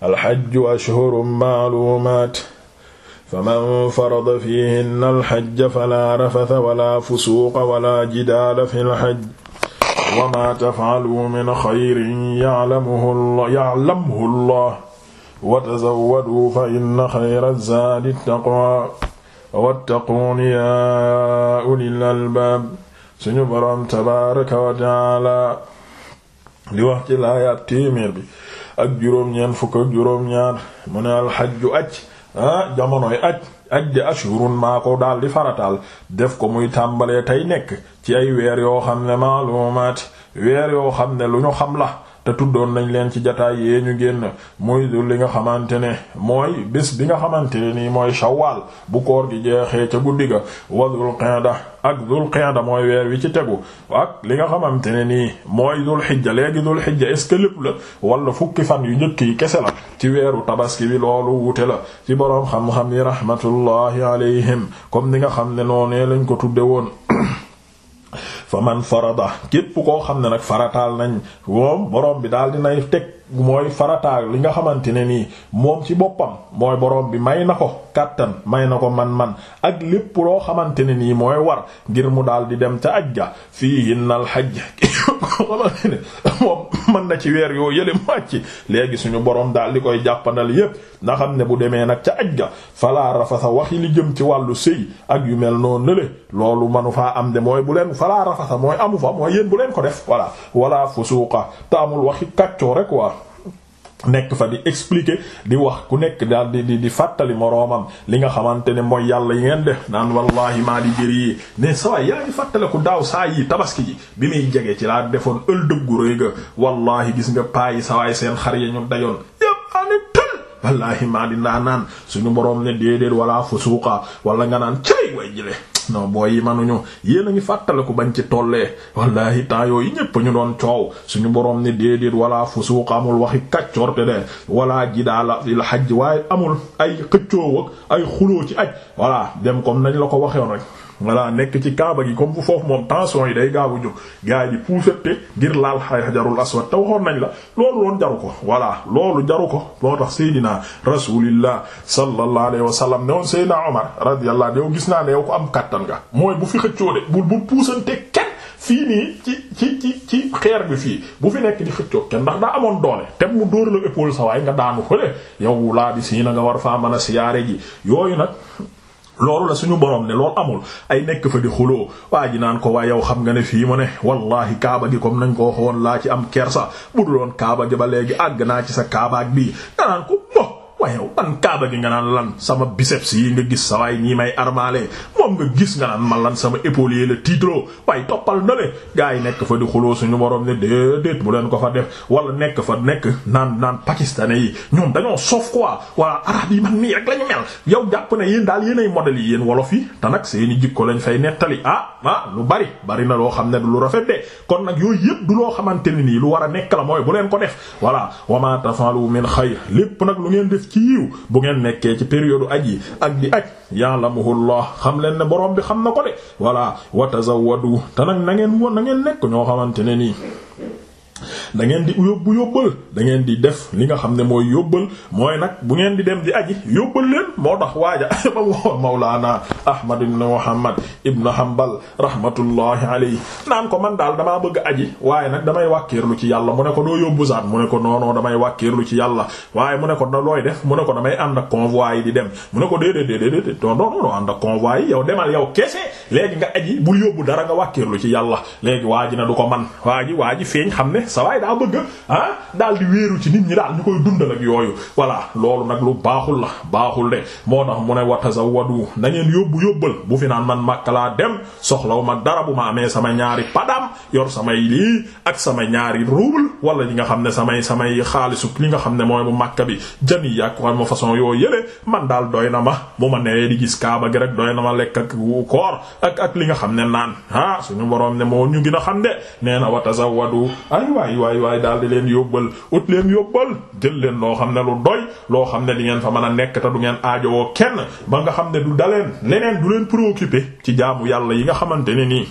alxajju ashhurun maaluumaat faman farada fiihinna alxajja falaa rafata wala fusuuqa wala jidaala fi lxajj wama tafaalu min xayrin yaclamhu llah wa tazawwadu fa inna xayra zaadi taqwa wattaquuni yaa ulil albaab suñu boroom tabaaraka wa taala di wax ci laayaat téeméer bi ak juróom-ñeent fukk ak juróom-ñaar mu ne alxajju aj ah jamonoy aj aj di ashurun maa ko daal di farataal def ko muy tàmbalee tey nekk ci ay weer yoo xam ne maalumaat weer yoo xam ne lu ñu xam la te tuddoon nañ leen ci jataay yee ñu génn muy li nga xamante ne mooy bés bi nga xamante ne nii mooy shawaal bu koor gi jeexee ca guddi ga wa dul qa'da ak dul qa'da mooy weer wi ci tegu ak li nga xamante ne nii mooy dul xijja léegi dul xijja est ce lépp la wala fukki fan yu njëkk yi kese la ci weeru tabaski bi loolu wute la ci boroom xam-xam yi rahmatullahi alayhim comme ni nga xam ne noonee lañ ko tudde woon fa man farada képp koo xam ne nag farataal nañ moom borom bi daal dinay teg mooy farataal li nga xamante ne nii moom ci boppam mooy borom bi may na ko kàttan may na ko man-man ak lépp loo xamante ne nii mooy war ngir mu dal di dem ca ajja fii yinnal hajj moom mën na ci weer yoo yële màcc léegi suñu borom daal di koy jàppandal yépp na xam ne bu demee nag ca aj ga falaa rafasa waxi li jëm ci wàllu sëy ak yu mel noonu nële loolu manu faa am de mooy bu leen falaa rafasa mooy amu fa mooy yéen bu leen ko def voilà wala fusuqa te amul waxi kàccoo rek waa nekk fa di expliquer di wax ku nekk daal di fàttali moroomam li nga xamante ne mooy yàlla yi ngeen def naan wallahi maa di jër yi ne sawaay yaa ngi ku daaw saa yi tabaski ji bi muy jege ci laa defoon ëldëb gu rëy ga wallahi gis nga paayi sawaay seen xar ya ñu dayoon wallahi maa di ndaa naan suñu boroom ne déedéet wala fusuqa wala nga naan cay way jile non mooy yi manuñu yéen a ngi fàttaliku bañ ci tollee wallahi temps yooyu ñépp ñu doon coow suñu boroom ni déedéet wala fusuuq amul waxi kaccoorte de wala jidaala fil hajj waaye amul ay xëccoo ak ay xuloo ci aj voilà dem comme nañu la ko waxee rek voilà nekk ci kaaba gi comme bu foofu moom tension yi day gaaw a jóg gars yi di puusate ngir laal xajarul aswad te waxoon nañ la loolu loon jaru ko voilà loolu jaru ko moo tax Seydina rasulillah sallallahu alayhi wa sallam ne woon Seydina Omar radiyallahu yow gis naa ne yow ko am kattan nga mooy bu fi xëccoo de bul bul puusante kenn fii nii ci ci ci xeer bi fii bu fi nekk di xëccoo kenn ndax daa amoon doole te mu dóor la épaule sa waay nga daanu fële yow laa di sii nga war faa mën a siyaare ji yooyu nag loolu la suñu borom ne loolu amul ay nekk fa di xuloo waa ji naan ko waa yow xam nga ne fii mu ne wallahi kaaba gi comme nañ ko waxoon laa ci am kersa bu loon kaaba gi ba léegi àgg naa ci sa kaabaak bii nga naan waaye ban kaaba gi nga naan lan sama biceps yi nga gis sa waay ñii may armaale moom nga gis nga naan man lan sama épaule la titre waaye toppal na le gars yi nekk fa di xuloo suñu borom ne déedéet bu leen ko fa def wala nekk fa nekk naan naan pakistanais yi ñoom dañoo soof quoi wala arab yi man nii rek lañu mel yow jàpp ne yéen daal yéen ay yi yéen wolof yi te nag seeni jikko lañ fay nettali ah ah lu bari bari na loo xam ne du lu rafet kon nag yooyu yëpp du loo xamante ne nii lu war a nekk la mooy bu leen ko def voilà wama tafalu ci yiw bu ngeen nekkee ci période aj yi ak di aj ya'lamuhullah xam leen ne borom bi xam na ko de voilà wa tazawwadu te nag na ngeen woon na ngeen nekk ñoo xamante ne nii da ngeen di yóbbu yóbbal dangeen di def li nga xam ne mooy yóbbal mooy nag bu ngeen di dem di aji yóbbal leen moo tax waaja ba woo Mawlaana Ahmad ibn Muhammad ibn Hanbal rahmatullahi alayhi naan ko man daal damaa bëgg aji waaye nag damay wàkkiirlu ci yàlla mu ne ko doo yóbbu saat mu ne ko noonoo damay wàkkiirlu ci yàlla waaye mu ne ko da looy def mu ne ko damay ànd ak convoi yi di dem mu ne ko déedéet déedéet doo non non ànd ak convoi yi yow demal léegi nga aji bul yóbbu dara nga wàkkiirlu ci yàlla léegi waa ji na sa waay daa bëgg ah daal di wéeru ci nit ñi daal ñu koy dundal ak yooyu voilà loolu nag lu baaxul la baaxul de moo tax mu ne wa tazawwadu na ngeen yóbbu yóbbal bu fi naan man Makka laa dem soxlaw ma dara bu ma amee sama ñaari padam yor samay lii ak sama ñaari ruubul wala li nga xam ne samay samay xaalisu li nga xam ne mooy bu Makka bi jan yi ak ma façon yoo yële man daal doy na ma bu ma newee di gis kaaba gi rek doy na ma lekk ak koor ak ak li nga xam ne naan ah suñu borom ne moo ñu gën a xam de nee na wa tazawwadu waay waay waay daal di leen yóbbal ut leen yóbbal jël leen loo xam ne lu doy loo xam ne di ngeen fa mën a nekk te du ngeen aajo woo kenn ba nga xam ne du daleen leneen du leen préoccupé ci jaamu yàlla yi nga xamante ne nii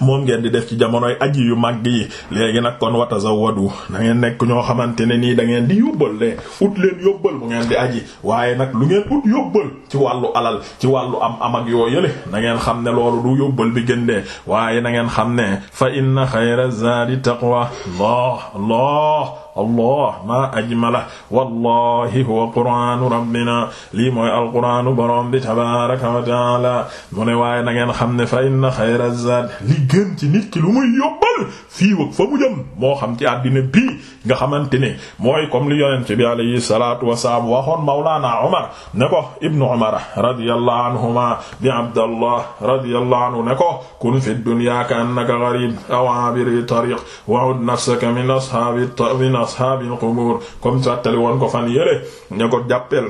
moom ngeen di def ci jamonoy aji yu màgg yi léegi nag kon watazawwadu da ngeen nekk ñoo xamante ne nii da ngeen di yóbbal de ut leen yóbbal bu ngeen di aji waaye nag lu ngeen ut yóbbal ci wàllu alal ci wàllu am am ak yoo yële na ngeen xam ne loolu du yóbbal bi gën waaye na ngeen xam ne fa inna xayra zaadi taqwa allah allah allah maa ajmala wallahi huwa quranu rabbina lii mooy alquranu borom bi tabaraka wa taala mu ne waaye na ngeen xam ne fa inna xayra zaad gën ci nit ki lu muy yóbbal fii fa mu moo xam ci àddina bii nga xamante ne mooy comme li yonent bi alayhi salaatu wasalaam waxoon mawlaana Umar na ko ibnu Umar radiyallahu anhuma bi Abdallah radiyallahu anhu ne ko kun fi dunya ka annaka gharib aw abiri tariq wa'ud nafsaka min ashaabi min ashaabi al-qubur comme sa tali woon ko fan yële ne ko jàppel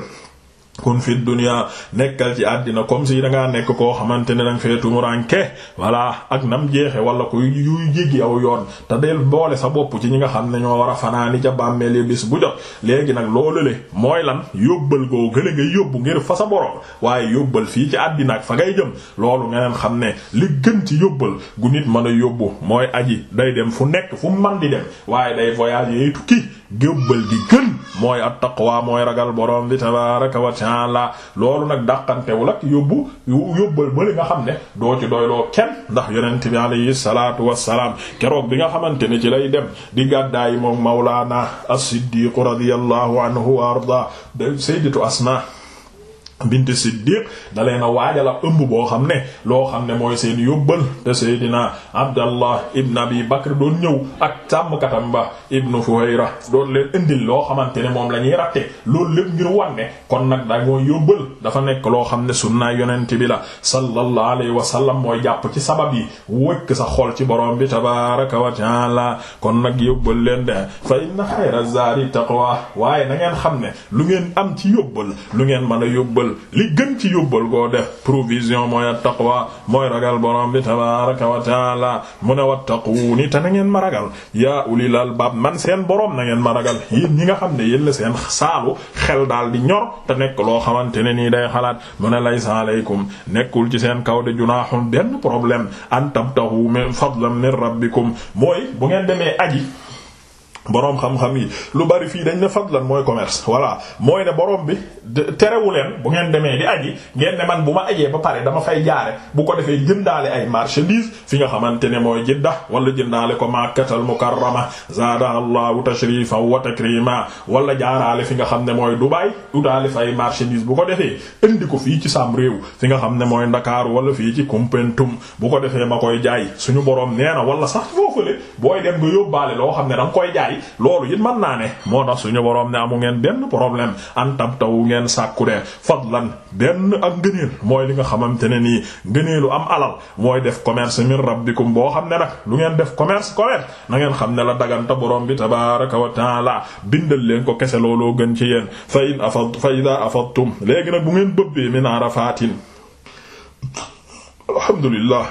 kon fi dunya nekkal ci àddina comme si da ngaa nekk koo xamante ne da nga fee tumuranke voilà ak nam jeexe wala kuy yuy jéggi aw yoon te del boole sa bopp ci ñi nga xam ne ñoo war a fanaani ca bàmmeel yi bis bu jot léegi nag loolu le mooy lan yóbbal goo gële nga yóbbu ngir fa sa borom waaye yóbbal fii ci àddina ak fa ngay jëm loolu nga leen xam ne li gën ci yóbbal gu nit mën a yóbbu mooy aji day dem fu nekk fu man di dem waaye day voyage yi tukki gébbal di gën mooy attaqwa mooy ragal borom bi tabaaraka wa taala loolu nag dàqantewul ak yóbbu yóbbal ba li nga xam ne doo ci doyloo kenn ndax yonent bi alayhi salaatu wa wassalaam keroog bi nga xamante ne ci lay dem di gàddaay moom mawlaana as-siddiq radiyallahu anhu wa arda sayyidatu asma bint siddiq da leen a waajal ab ëmb boo xam ne loo xam ne mooy seen yóbbal te seydina abdallah ibn abi bakr doon ñëw ak sàmmkatam ba ibnu fuhayra doon leen indil loo xamante ne moom la ñuy ratte loolu lépp ngir wanne kon nag da mooy yóbbal dafa nekk loo xam ne sunnaay yonent bi la sallallahu alayhi wa sallam mooy jàpp ci sabab yi wëkk sa xool ci borom bi tabaraka wa taala kon nag yóbbal leen de fa inna xayra zaari taqwa waaye na xam ne lu ngeen am ci yóbbal lu ngeen mën a yóbbal li gën ci yóbbal koo def provision mooy attaqwa mooy ragal borom bi tabaraka wa taala mu ne wattaquuni te na ngeen ma ragal yaa ulil albaab man seen boroom na ngeen ma ragal yéen ñi nga xam ne yéen la seen saalu xel daal di ñor te nekk loo xamante ne nii day xalaat mu ne laysa alaykum nekkul ci seen kaw de junaahun benn problème an tabtahu min fadlan min rabbikum mooy bu ngeen demee aji boroom xam-xam yi lu bari fii dañ ne fadlan mooy commerce voilà mooy ne boroom bi terewu leen bu ngeen demee di aji ngeen ne man bu ma ajee ba pare dama fay jaare bu ko defee jëndaale ay marchandises fi nga xamante ne mooy jidda wala jëndaale ko makkatal mukarrama zaada allahu tashrifan wa takrima wala jaaraale fi nga xam ne mooy Dubaay utaale fay marchandises bu ko defee indi ko fii ci sam réew fi nga xam ne mooy Ndakaaru wala fii ci Kumpentum bu ko defee ma koy jaay suñu borom nee na wala sax foofule booy dem nga yóbbaale loo xam ne danga koy jaay yi loolu it mën naa ne moo tax suñu borom ne amu ngeen benn problème an tawu ngeen sàkku de fadlan benn ak ngëneel mooy li nga xamante ne nii ngëneelu am alal mooy def commerce min rabbikum boo xam ne nag lu ngeen def commerce commerce na ngeen xam ne la daganta borom bi tabaraka wa taala bindal leen ko kese looloo gën ci yéen fa in afad fa ida afadtum léegi nag bu ngeen bëbbee min arafatin alhamdulillah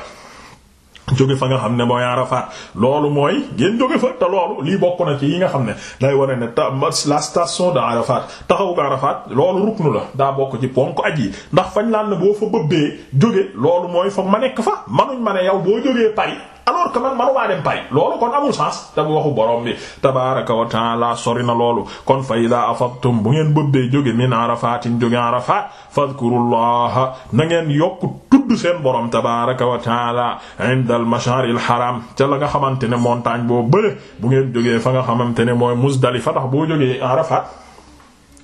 jóge fa nga xam ne mooy Arafat loolu mooy ngeen jóge fa te loolu lii bokk na ci yi nga xam ne day wane ne ta la station de Arafat taxaw ga Arafat loolu ruknu la daa bokk ci ponk aj yi ndax fañ laan ne boo fa bëbbee jóge loolu mooy foog ma nekk fa manuñ ma ne yow boo jógee Paris alors que man manumaa dem Paris loolu kon amul sens te waxu borom bi tabaaraka wa taala sori na loolu kon fa idaa afadtum bu ngeen bëbbee jóge min arafatin jóge arafat fadkurullaha na ngeen yokk tudd seen borom tabaaraka wa taala inda al masharil haram ca la nga xamante ne montagne boo bële bu ngeen jógee fa nga xamante ne mooy Muzdalifa tax boo jógee arafat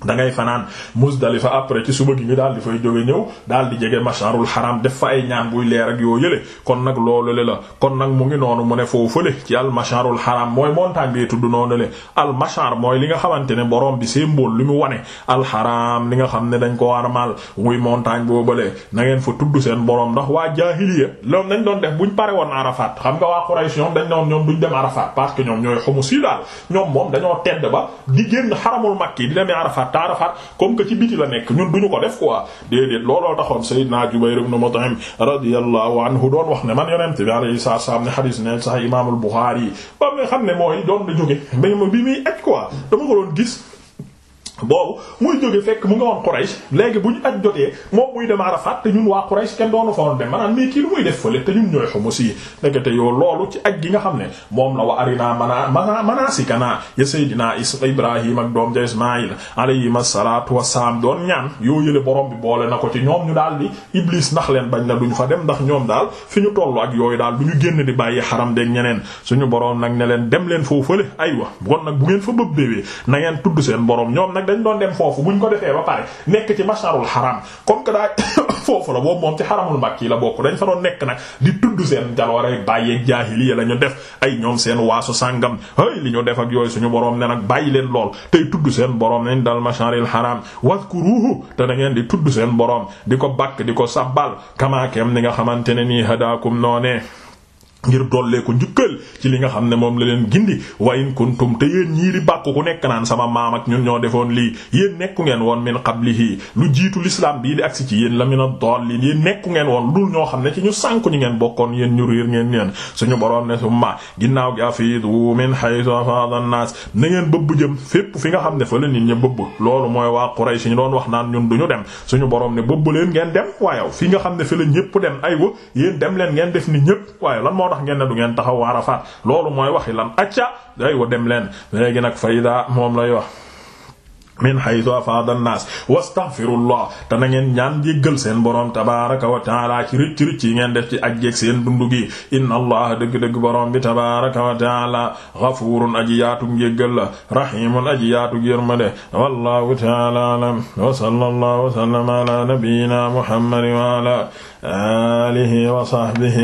da ngay fanaan Muzdalifa après ci suba gi ngi daal di fay jóge ñëw daal di jege masharul haram def fa ay ñaan buy leer ak yoo yële kon nag loolu le la kon nag mu ngi noonu mu ne foofale ci al masharul haram mooy montagne bi tudd noonu le al mooy li nga xamante ne borom bi symbole li mu wane al li nga xam ne dañ ko armal muy montagne boobale na ngeen fa tudd seen borom ndax waa jaahiliya loolu nañ doon def buñ pare woon Arafat doon ñoom duñ dem Arafat parce que ñoom ñooy xumus te Arafat comme ci biti la nekk ñun duñu ko def quoi déedéet looloo taxoon Seydina Jubayr ibn Mut'im radiyallahu anhu doon wax ne man yonent bi alayhi salaam ne xadiis ne sax Imaamul Buxaari ba nga xam ne mooy doon la jóge bi muy aj quoi dama ko doon gis. boobu muy jóge fekk mu nga woon Quraysh léegi bu ñu aj jotee moom muy dem Arafat te ñun waa Quraysh kenn doonu fa woon dem maanaam mais kii lu muy def fële te ñun ñooy Humus yi nekkate yoo loolu ci aj gi nga xam ne moom la wa arina mana mana manasikana ya Seydina Ibrahim ak doom ja Ismaïl alayhim asalatu wasalaam doon ñaan yoo yële borom bi boole na ko ci ñoom ñu daal di Iblis ndax leen bañ na duñ fa dem ndax ñoom daal fi ñu tollu ak yooyu daal du ñu génn di bàyyi xaram ñeneen suñu borom nag ne leen dem leen foofu fële aywa kon nag bu ngeen fa bëb béwee na ngeen tudd seen borom ñoom nag dañ doon dem foofu buñ ko defee ba pare nekk ci masharul haram comme que daa foofu la boobu moom ci haramul makki la bokk dañ fa doon nekk nag di tudd seen jaloore bàyyeeg jaahiliya la ñu def ay ñoom seen waasu sàngam ay li ñu def ak yooyu suñu boroom ne nag bàyyi leen lool tey tudd seen boroom nañ dal masharil haram wazkuruhu te da ngeen di tudd seen boroom di ko bàkk di ko sabbal kamaakeem ni nga xamante ne nii hadaakum noonee ngir dollee ko njukkal ci li nga xam ne moom la leen gindi wa in kuntum te yéen ñii di nekk naan sama maam ak ñun ñoo defoon lii yéen ngeen woon min qablihi lu jiitu bii di agsi ci yéen la mina dallin yéen nekku ngeen woon lu dul ñoo xam ne ci ñu sànku bokkoon yéen ñu réer ngeen yéen suñu boroom ne summa ginnaaw gi afiidu min haythu afaada an jëm fépp fi nga xam ne fa la nit ñi bëbb loolu mooy waa Quraysh doon wax naan ñun duñu dem suñu boroom ne bëbb leen ngeen dem waaye fi nga xam ne fa la ñépp dem aywa yéen dem leen ngeen def ni ñépp waaye lan moo tax ngeen ne du ngeen taxaw Arafat loolu mooy waxi lan acca day wa dem leen léegi nag fayda moom lay wax min haythu afada an-nas wastaghfirullah te na ngeen ñaan jéggal seen borom tabaraka wa taala ci rëcc ngeen def ci ak jeeg seen dundu gi inna allah dëgg-dëgg borom bi tabaraka wa taala ghafurun aji yaatu njéggal la rahimun aji yaatu yërmande wallahu taala alam wa sallallahu wa sallama ala nabiyyina muhammadin alihi wa sahbihi